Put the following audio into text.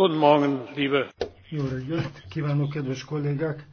Guten Jó reggelt kívánok, kedves kollégák!